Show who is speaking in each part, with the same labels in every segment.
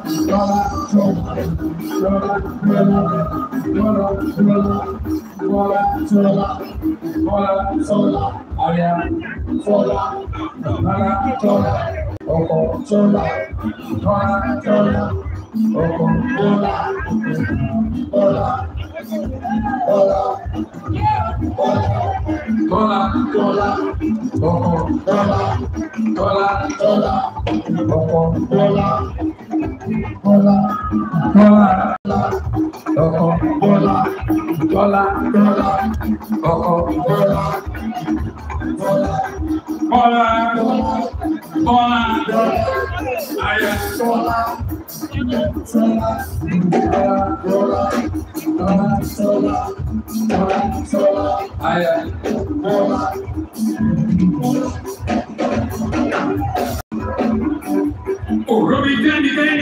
Speaker 1: Tọ́lá, ọkọ̀, tọ́lá, ọkọ̀, tọ́lá. Bọ́lá Bọ́lá ọkọ Bọ́lá Bọ́lá Bọ́lá ọkọ Bọ́lá Bọ́lá Bọ́lá Bọ́lá àyà Bọ́lá Bọ́lá Bọ́lá Bọ́lá Bọ́lá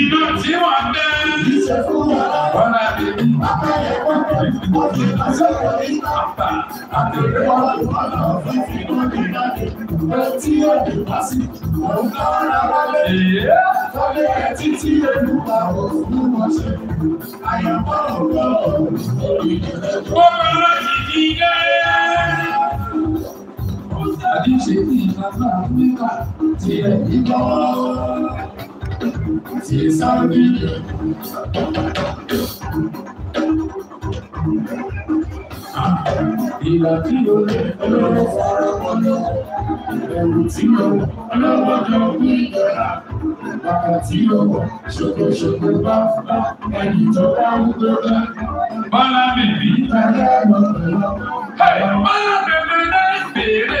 Speaker 1: Ìlú tí wọ́n gbé. Wọ́n á bí. Bàbá àtẹ̀lé wọn lọ fún ìlú nígbà tí ó lè wá sí. Òun kọ́ ara wa lé. Wọlé ẹ̀ títí olúwa òun wọ́n ṣe. Àyànfọ́ òun lọ. Ó lọ láti fi ilé àdíṣe ní ìlànà Áfíríkà ti ẹ̀ ìgbà wọn. Ìlà tí o lè ọlọ́wọ́ fara wọlé, ẹ̀rù tí o ọlọ́wọ́ jọ ní ìjọra, bàbá tí o ṣòkòṣòkò bá bá ẹni tó bá ń gbọ́dọ̀. Bọ́lá bèbí. Bàbá ẹ̀rọ ẹ̀rọ. Bọ́lá bèbí náà bèrè.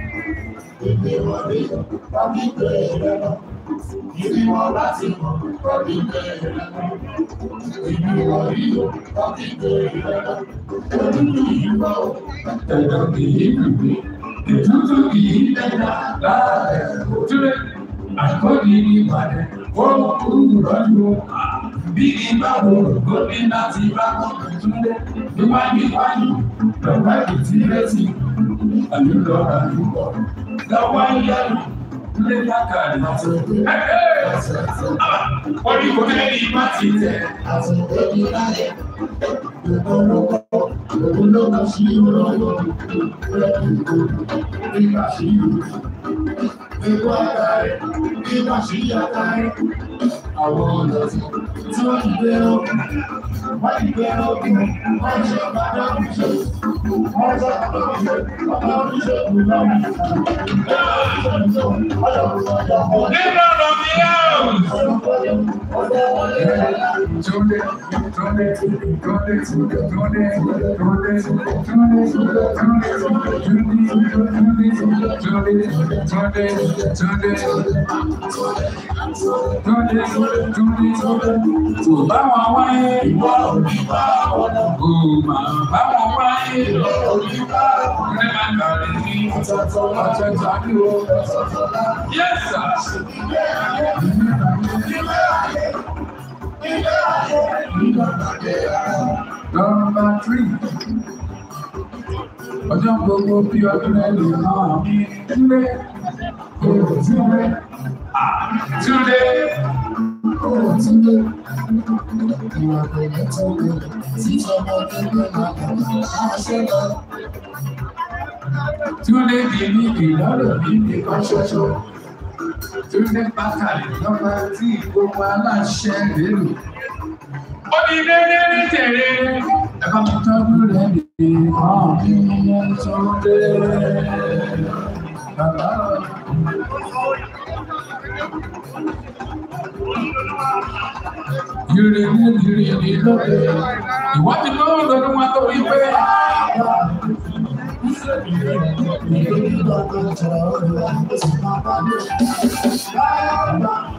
Speaker 1: èdè wọlé tàbí bẹ̀rẹ̀ lọ. Ibi wọn láti mọ̀ tàbí bẹ̀rẹ̀ lọ. Ibi wọn rí o tàbí bẹ̀rẹ̀ lọ. Ojú kì í bọ̀ o, ẹ̀dọ̀ kì í dùgbé. Ètùtù kì í dẹ́gbà láàrẹ̀ òjúlẹ̀. Àkọ́ni ní ìpàdé, wọ́n kú lọ́jọ́ bí kí n bá wo gómìnà ti bá kọ́kọ́ túnlé níwájú wájú lọ́gbàdì tí lẹ́sìn àlùkò àlùkò lọ́wọ́ lẹ́tà kàdé. Ọdún ìkòkè lẹ́yìn ìpàtì tẹ̀. Ewa àtàrẹ, nígbà sí àtàrẹ, àwọn ọ̀nà tí wọ́n ti gbé ọkùn, wọ́n ti gbé ọkùn, wọ́n ṣe bàbá ìṣẹ́, wọ́n ṣe bàbá ìṣẹ́, bàbá ìṣẹ́ ìlú náà. Nígbà lọ bí yáà! Túnde, túnde. Kò bá wọn wáyé ìwọ òbí bá wọn. Kò mà bá wọn wáyé ìwọ òbí bá wọn. Ẹ máa ń darí ní ọ̀tọ̀ọ̀tọ̀ ọ̀tọ̀ọ̀tọ̀ àdúró. Yẹ́sà. Ilé àwọn ilé àwọn. Nọ́mbà tírì. Ọjọ́ gbogbo bí ọdún ẹlò náà ní Túndé. Èrò Túndé. Túndé. Èrò Túndé. Ìwà bẹ̀rẹ̀ tó lè sísọmọ gbẹgbẹ́ náà àṣẹ lọ. Túndé di ní ìlọ́lọ̀ ní ìkan ṣoṣo. Túndé bákàlì nọ́mbà tí gbogbo aláṣẹ lérò. Omi dédé ní tèrè. Ẹ̀ka mi tọ́jú rẹ̀ dé. Àwọn mi ní ẹ̀sọ́ dé. Bàbá tó wí pé. Ìrìn ní ìlú tó máa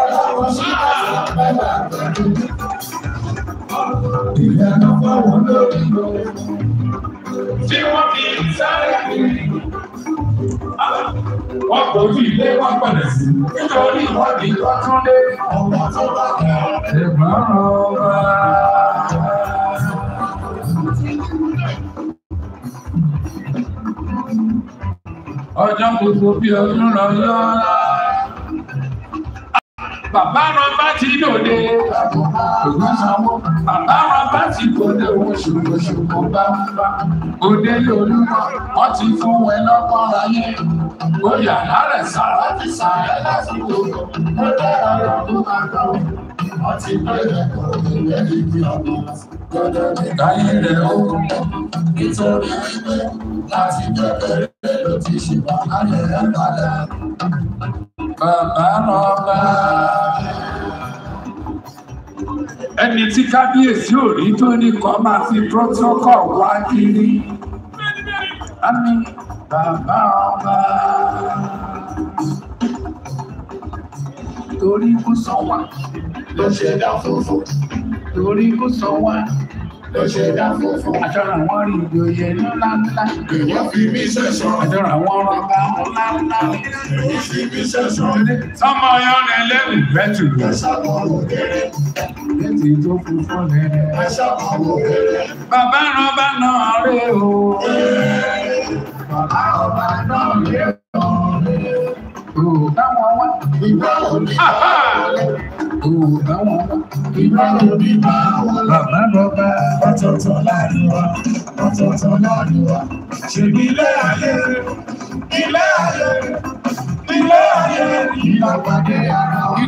Speaker 1: ọlọ́run sí àwọn àpẹẹrẹ àgbẹ̀dù. Ìyànà fáwọn lórí lórí. Tí wọ́n fi sáré kiri. Wọ́n kò rí ilé wọn padà sí. Nítorí ìwádìí tó tún dé. Ọmọ tó bá kẹ́ ẹ̀gbọ́n ọba. Ọjọ́ gbogbo bí ọdún rán lọ́la bàbá rán bá ti dòde. bàbá rán bá ti dòde òun ṣòkòṣò kò bá bá. òde lòlú wọn ti fún wọn lọ́kàn ayé. bóyá lára sàrà ti sàrà lásìkò ló dára lọ́dún máa gbà wọ́n. wọ́n ti bẹ̀rẹ̀ kọ́ ilé ìdí ọdún. Gbọ́dọ̀ ní káyé nítorí wípé láti bẹ̀rẹ̀ ló ti ṣe wàhálà ẹ̀ padà. Bàbá Ẹni tí kábíyèsí ò rí tó ní kọ́ máa fi protocol wá kiri. Àmín bàbá ọba. Torí kò sọ wá. Ló ṣẹ̀dá funfun. Torí kò sọ wá ló ṣe dá funfun. Àjọra wọn rí ìjòyè ńlá ńlá. Èèyàn fi mí sẹ̀sán. Àjọra wọn rọgbà ńlá ńlá. Èèyàn fi mí sẹ̀sán. Sọ́mọ ọyọ́ rẹ̀ lẹ́nu bẹ́tù. Ẹ̀sàmọ̀ òkèrè. Bẹ́tù tó funfun rẹ̀. Ẹ̀sàmọ̀ òkèrè. Bàbá rọ̀bà náà rè o. Bàbá rọ̀bà náà rè o. Báwọn wá. Ìgbà òní ò bá wọn. Ìgbà wo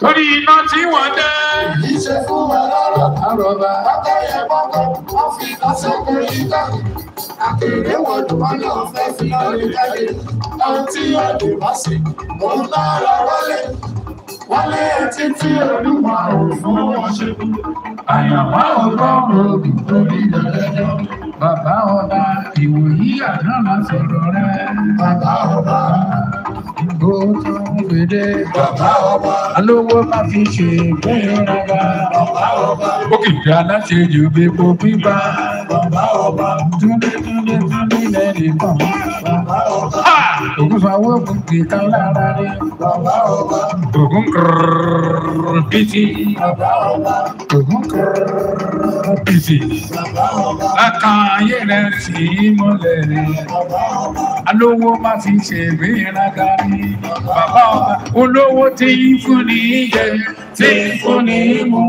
Speaker 1: Torí iná tí wọ́n dẹ́. Èyí ṣe fún wa lọ́rọ̀. Àrọ̀bà. Bàbá yẹn gbọ́dọ̀, wọ́n fi lọ́sẹ̀ kọ́ yíká. Àkèrè wọ̀dùn wọn náà fẹ́ fi lọ́rí jáde. Ohun tí yóò dé wá sí, mo ń bá ara wọlé wọlé títí olúwa òfin wọn ṣe àyànmọ́ ọgọ́rùn-ún òkùnkùn lórí ìdálẹ́jọ́ bàbá ọba ìwòyí àdáná sọ̀rọ̀ rẹ bàbá ọba ìgbó tó ń gbèdé bàbá ọba alówó má fi ṣe ìpínlẹ̀ ọba bàbá ọba ó kìí dáná ṣe jù bí kò pípa bàbá ọba túndé túndé túndé nílẹ̀ nìkan. Ògùn sanwó ògùn kì í kan lára rí. Ògùn kìrìrìrì bìtì. Ògùn kìrìrìrì bìtì. Akan ayé rẹ̀ sì í mọ́lẹ̀ rẹ̀. Alówó má fi ṣe mí rága rí. Bàbá ọba olówó tí ń fún ní jẹ, tí ń fún ní mú.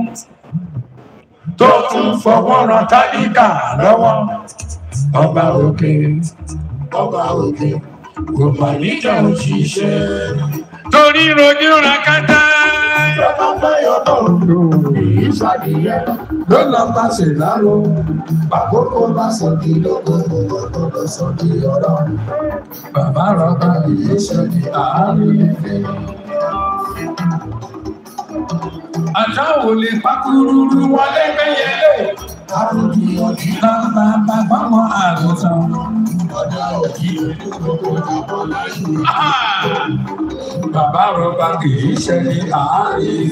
Speaker 1: Tó tún fọwọ́ ran tálíkà lọ́wọ́ ọba òkè ọba òkè kò mà níjà ń ṣiṣẹ́. torí rojú ra kátá. Bàbá Báyọ̀ náà èyí ṣàdìyẹ ló lọ bá ṣe láró. Bàbókò bá sọ kí lóko gbogbo lọ sọ kí ọ̀rọ̀. Bàbá rọ̀bà èyí ṣe ní àárín ìfẹ́. Àdáwò lè pákúrúrú wọlé gbẹ́yẹlé. Bàbá bàbá mọ àgùntàn. Bàbá rọba kìí ṣe ní àárín.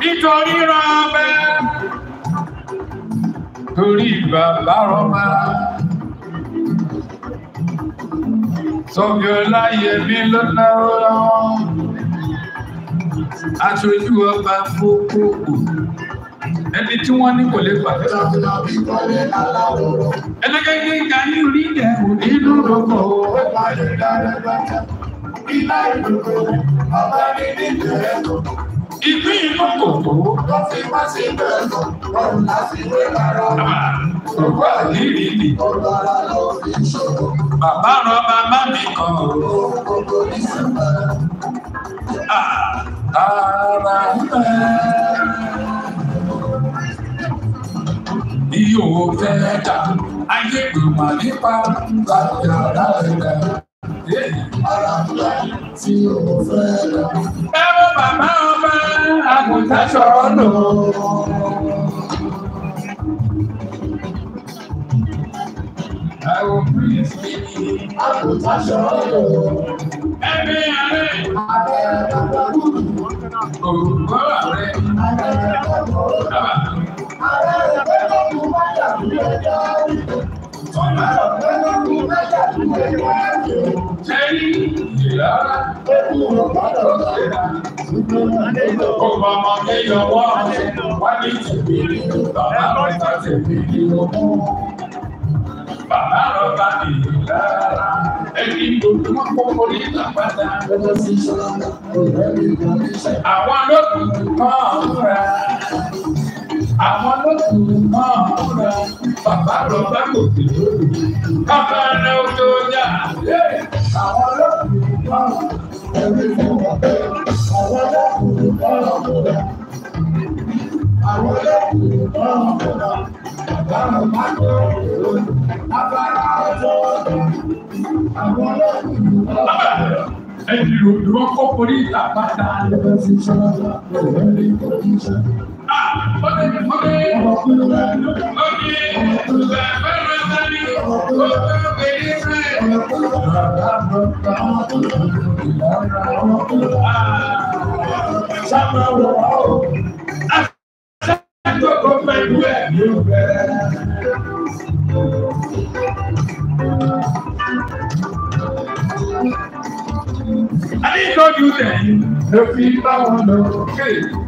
Speaker 1: Nítorí rọba, torí bàbá rọba. Sọ̀gbìn láyé mi ló náwó Aṣojú ọba fún kókò ẹni tí wọ́n ní kò lè gbà. ẹlẹ́gẹ́gẹ́ ìjà ní orí ilẹ̀ òní inú lọ́kọ̀ o. Ìpín inú kò tó. Wọ́n fi wá sí bẹ́ẹ̀ lọ, ọ̀run láti wé lára. Òkú àdìrí ni. Ọ̀rọ̀ ara ló fi ṣòro. Bàbá rọ bàbá mi kan. Òkòkò ní sùn. Àrà ń bẹ́ẹ̀ bí òwò fẹ́ dà ayé gbèmà nípa gbàgbà láàrin rẹ̀ lẹ́yìn ara ńlá tí òwò fẹ́ dà. ẹ wo bàbá ọba àgùntàn sọ̀rọ̀ lò. I will praise thee. I will touch your Ẹ̀mí ààrẹ. Ààrẹ àgbàgbọ́. Òrùkọ́ Ọba ọmọdé yọwọ́ wá ní àwọn lọ́kùn náà múra bàbá lọ bá kò dé lórí. bàbá rẹ ó tó yà lé àwọn lọ́kùn náà ẹ̀rí mọ̀ wọ́n pé àwọn lọ́kùn náà múra. àwọn lọ́kùn náà múra bàbá lọ bá kò dé lórí. bàbá rẹ ó
Speaker 2: àwọn
Speaker 1: lọ́kùn náà múra ẹ̀yìn ìròyìn wọn orí ìta bàtà. I didn't know you then. If you don't know, okay.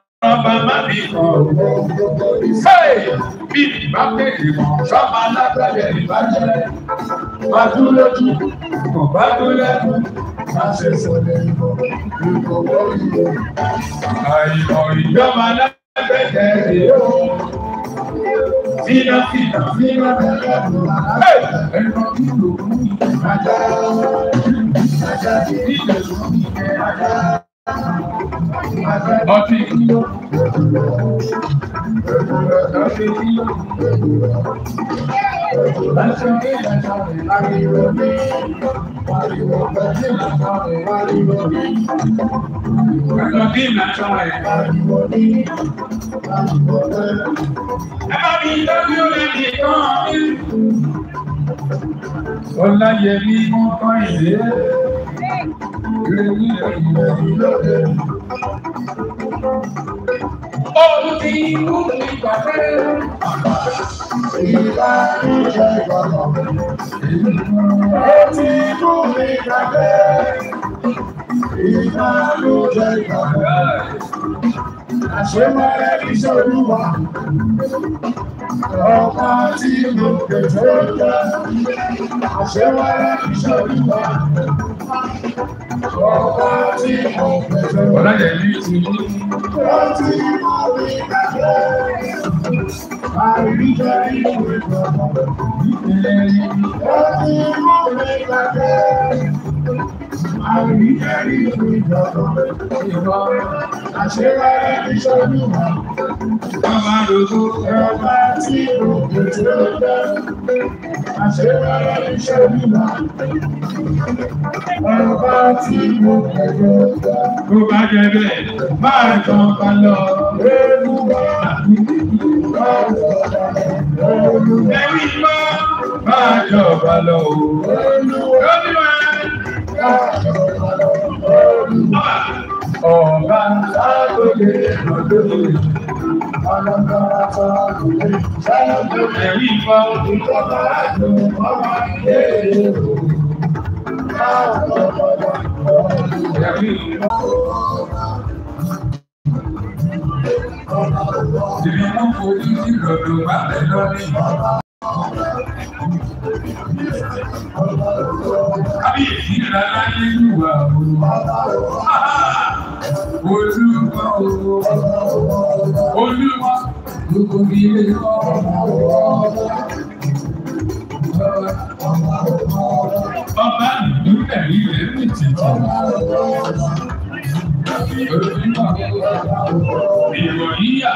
Speaker 1: hey, má bí kan bí ìbá kéde kan sọ́mọ alágbàdẹ ìbá jẹ́ má dúró lójú kàn bá dúró lẹ́nu má ṣe sọ̀rọ̀ ìbọn ìbọn wọ́n ìbọn. àìmọ̀ ìjọba alágbàdẹ èyí ó fina fina fina ẹnìkan kí ló ń bí ajá ajá ìdílé ló ń bí ajá. Ọtí. Ẹ̀sọ́ bí ìlànà rẹ̀. Ẹ bá mi tọ́jú lẹ́yìn kan mo Ọláyẹmí Mọ́tọ́ Ìdé. Òun ti mú mi pàdé. Ìgbà ìjọ ìgbàlọ́. Ó ti mú mi pàdé. Ìgbà ìjọ ìgbàlọ́ ṣé máa rẹ̀ ní sọ́lúwà ọba tí mo kẹ̀tọ́ dá ṣé máa rẹ̀ ní sọ́lúwà ọba tí mo kẹ̀tọ́ dá. ọ̀la yẹn ní ti mú.
Speaker 2: ọtí mo mo rí kẹfẹ́
Speaker 1: àríjọ ìwé bàbá àṣeyọrí ìṣòwò ọmọ àdógó ọba tí òkè tó dá àṣeyọrí ìṣòwò ọba tí òkè tó dá. Bó bá jẹ bẹ́ẹ̀, máa tán ká lọ. Ewu bá bá jọba lọ. Ẹ̀rí bá bá jọba lọ. Olúwa bá jọba lọ. Olúwa ọ̀gá sáàtòkè lọ́dọ̀dọ̀ ọlọ́gbọ́n sáàtòkè sáàtòkè yípa ojú tó bá jọ ọmọ ilé ìlú Tìrì mú fojú sí lọ́dọ̀ bá bẹ̀ lọ́dún. Àbí ìdílé aláyé yìí wà ó. Olúwa Olúwa gbogbo mi lè kọ́ Bàbá ìlú ẹ̀rí rẹ̀ ní ìtìjú. Ìròyìn yà.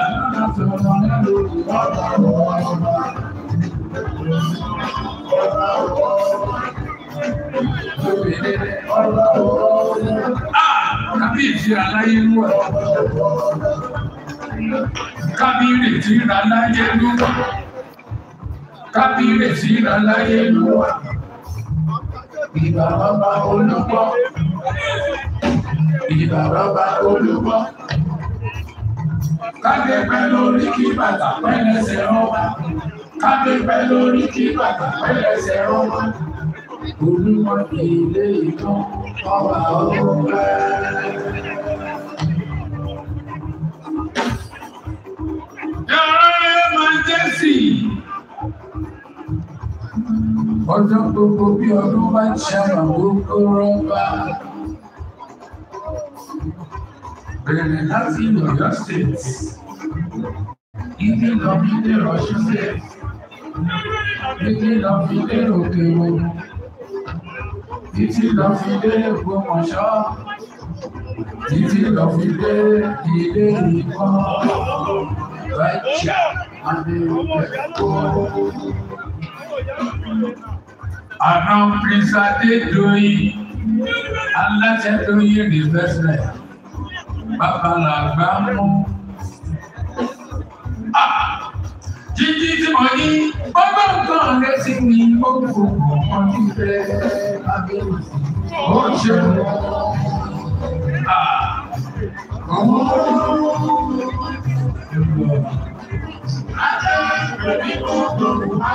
Speaker 1: Ah! kábíyèsí aláyé ló wà. kábíyèsí aláyé ló wà. kábíyèsí aláyé ló wà. ìgbà bàbá olùkọ́. ìgbà bàbá olùkọ́.
Speaker 2: Káde pẹ́ lórí kí bàtà pẹ́ lẹ́sẹ̀ rọ́bà.
Speaker 1: Káde pẹ́ lórí kí bàtà pẹ́ lẹ́sẹ̀ rọ́bà. Olúwa fi ilé ìtàn ọba ọgbẹ́. Ẹ̀rọ Màjẹ́sì. Ọjọ́ gbogbo bí ọdún bá ń ṣàmà gbogbo rọ́bà. Bẹ̀rẹ̀ láti Ọ̀yọ́ State. Ibi lọ fi dé Ọ̀ṣun State títí lọ fi dé Ògbómọ̀ṣọ́ títí lọ fi dé ilé ìkan rẹjà adéwòkó. Àná Prince Adédoyin aláṣẹ Doyin rìvẹ́sẹ̀ bàbá làgbà mú. títí tí mo ní bọ́bá nǹkan rẹ sí mi ó ń fò ọ̀kan tí ń bẹ ó ń ṣe wọ́n. Ajé ìrìnnà,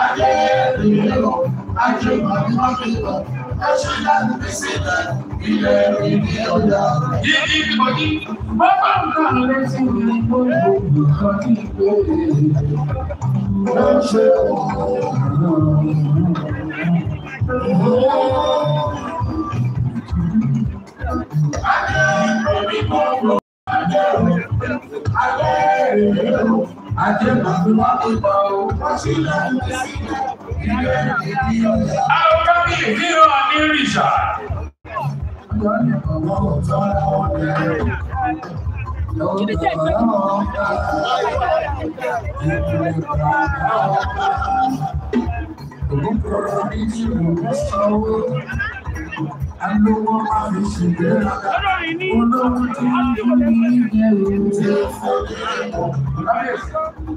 Speaker 1: ajé ìrìnnà àjùmọ̀ ni wọ́n fi lọ. Ẹṣu ìyanu mi sílẹ̀, ilé ìdí ọjà. Yíyí ìbòjì. Wọ́n bá ń kà létí mi gbogbo nǹkan kí n pè é. Ó ṣe òun. Adé ìrìn èrò, adé màmí wá pípa o, wọ́n sì lẹ́nu sílẹ̀. àwọn kábíyè kíran ní rìṣà. Alówó máa fi ṣègbéra, olówó tí ń dún ní ìyẹn ìwé fún ẹ̀kọ́.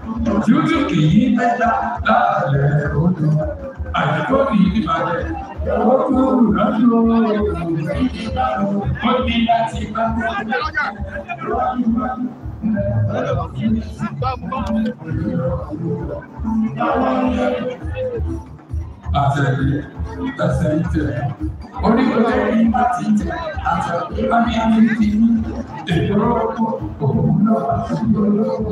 Speaker 1: lójú kì í ẹja láàlẹ̀ odò àdúgbò kì í ìbàdàn ó tún lọ́jọ́ ó ní láti bá Àtẹ̀lé tẹ̀sẹ̀ ìtẹ̀.
Speaker 2: Oníkọ̀lẹ́ yìí
Speaker 1: láti ìtẹ̀ àtẹ̀lé lábí ìdí èdè olóko òun náà àti olóko.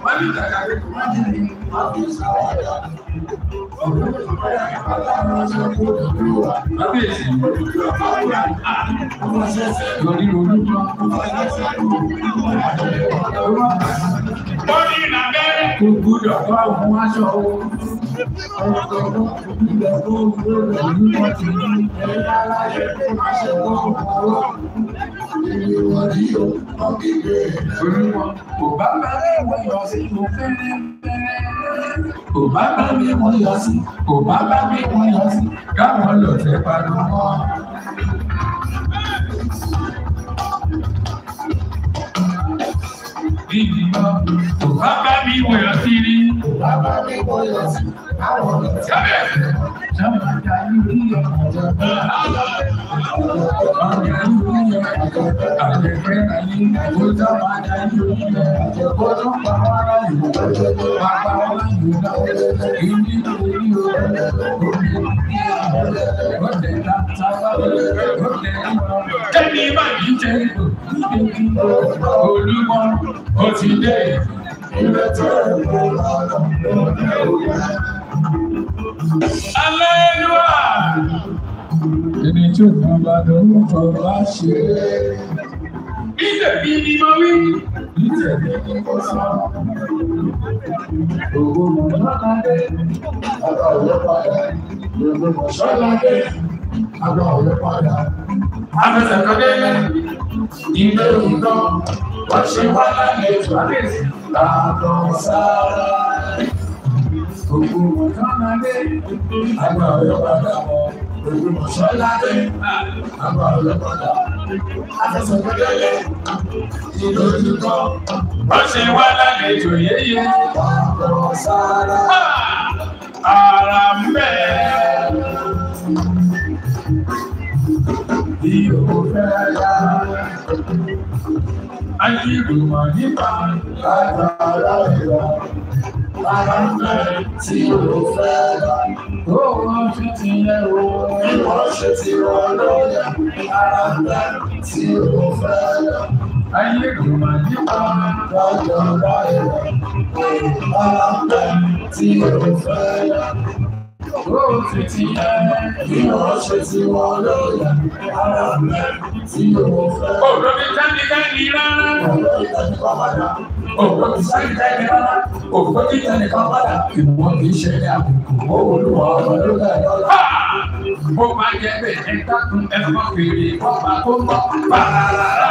Speaker 1: wọ́n ní ìtajà pé kò má dìde wọ́n fi sáwọ́ ọ̀dà. Kábíyèsí lórí ronú. Wọ́n ní ìnàbẹ́rẹ́. Kò gbúdọ̀ bá òun aṣọ o. Ọ̀rọ̀ tó kún ilẹ̀ tó ń gbé rẹ̀ ní wọ́n ti ní ẹ̀yà aláṣẹ tó máa ṣe kọ́ ọ̀rọ̀ èmi wà ní ọ àbí bẹ́ẹ̀. olúwa kò bá bá mi yọ sí mo fẹ́rẹ́ kò bá bá mi wọ́n yọ sí kò bá bá mi wọ́n yọ sí káwọn lọ́tẹ̀ bá lọ́wọ́.
Speaker 2: bí. Bá bá mi wò yọ sí rí.
Speaker 1: Bá bá mi wò yọ sí àwọn ọ̀rọ̀. Sábẹ̀. Sábà dá lórí ọ̀rọ̀. Àgbẹ̀ lórí ọ̀rọ̀. Àgbẹ̀ fẹ́ ra ní ìlú sábà dá lórí ọ̀rọ̀. Bọ́lá pa wá láyò. Bàbá wá láyò náà. Ìdí lórí ọ̀rọ̀. Omi ní àbọ̀lẹ̀. Bọ́lá ta sábà. Bọ́lá ta. Kẹ́mi máa ń jẹ́. Olúwa ó ti dé. Ìrètí ẹ̀rọ ọ̀nà òye. Aleluya. Ẹni tí òun bá lọ́wọ́ kan bá ṣe é. Bíjẹ̀ bí ni mo wí. Bíjẹ̀ bí ni mo sọ. Òwò mọ̀ lọ́ládé. Àgbà òwe padà. Òwò mọ̀ sọ́ládé. Àgbà òwe padà afẹsẹ̀kọ́dé ilé ìdán wọ́n ṣe wá lálẹ́ ìgbàlejò àtọ̀ sára. Gbogbo mọ̀tánadé, àgbà ọ̀yọ́ padà mọ̀, gbogbo mọ̀ṣọ́ládé, àgbà ọ̀yọ́ padà. Afẹsẹ̀kọ́dé ilé ìdán wọ́n ṣe wá lálẹ́ ìjòyè àtọ̀ sára. Ara mẹ́ẹ̀ bí o fẹ́ yá. Ajígbìmọ̀ nípa látara ìlà. Ara ń bẹ̀rẹ̀ tí o fẹ́ yá. Owó fi ti yẹ wo. Ìwọ ṣe ti wọ lọ́yà. Ara ń bẹ̀rẹ̀ tí o fẹ́ yá. Ajígbìmọ̀ nípa látara ìlà. Ara ń bẹ̀rẹ̀ tí o fẹ́ yá. Oh, Òun ti ti yẹ kí wọ́n ṣe tí wọ́n lóye ara rẹ̀ tí òun fẹ́. Òun ti tẹ́nikẹ́ni rárá. Òun ti tẹ́nikẹ́ni rárá. Òun ti tẹ́nikẹ́ni rárá. Òun ti tẹ́nikẹ́ni rárá. Ìwọ́n kì í ṣe ní àbùkù. Olúwa ọmọ ló dá ẹ̀rọ rẹ̀. Ó máa jẹ bẹ́ẹ̀ ẹ dákun ẹ máa fèrè wọ́n máa kó bọ́ bàrà rárá.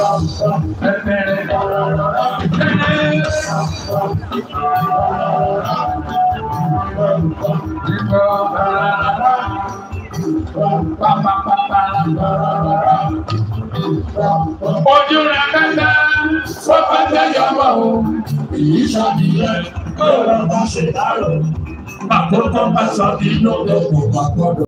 Speaker 1: Ojú ra kẹta, sọ́kọ́ tẹ̀yọ̀ mọ́ o, èyí ṣàbíyẹ, kó o lọ bá ṣe dárò, pàtó tó bá sọ inú lọ́pọ̀ pàtó.